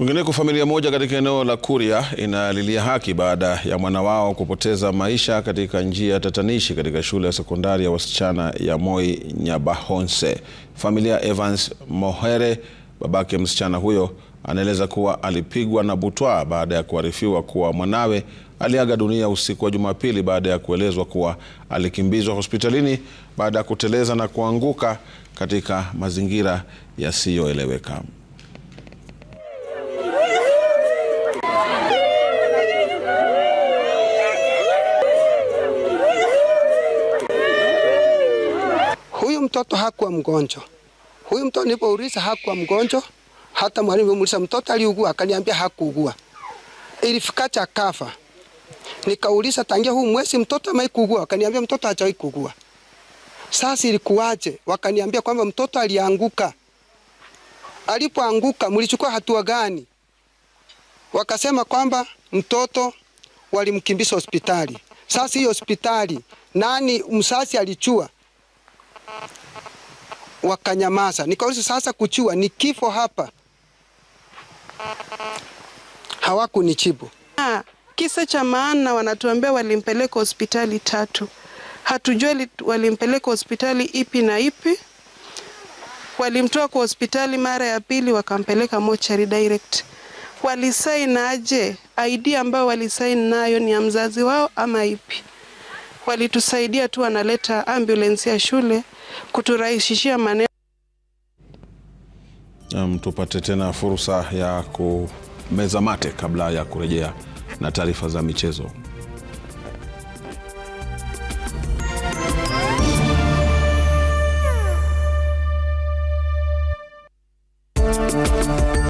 Kwingineko, familia moja katika eneo la Kuria inalilia haki baada ya mwana wao kupoteza maisha katika njia tatanishi katika shule ya sekondari ya wasichana ya Moi Nyabahonse. Familia Evans Mohere, babake msichana huyo, anaeleza kuwa alipigwa na butwa baada ya kuarifiwa kuwa mwanawe aliaga dunia usiku wa Jumapili baada ya kuelezwa kuwa alikimbizwa hospitalini baada ya kuteleza na kuanguka katika mazingira yasiyoeleweka. huyu mtoto hakuwa mgonjwa. Huyu mtoto nilipouliza hakuwa mgonjwa, hata mwalimu alimuuliza mtoto aliugua, akaniambia hakuugua. Ilifikacha akafa. Nikauliza tangia huu mwezi mtoto amai kuugua, akaniambia mtoto hajawahi kuugua. Sasa ilikuwaje? Wakaniambia kwamba mtoto alianguka. Alipoanguka mlichukua hatua gani? Wakasema kwamba mtoto walimkimbiza hospitali. Sasa hiyo hospitali nani msasi alichua? wakanyamaza. Nikauliza sasa, kuchua ni kifo hapa? Hawakunijibu. Kisa cha maana, wanatuambia walimpeleka hospitali tatu, hatujui walimpeleka hospitali ipi na ipi. Walimtoa kwa hospitali mara ya pili, wakampeleka mochari direct. Walisain aje? ID ambayo walisain nayo ni ya mzazi wao ama ipi? Walitusaidia tu, wanaleta ambulensi ya shule kuturahisishia maneno. Um, tupate tena fursa ya kumeza mate kabla ya kurejea na taarifa za michezo.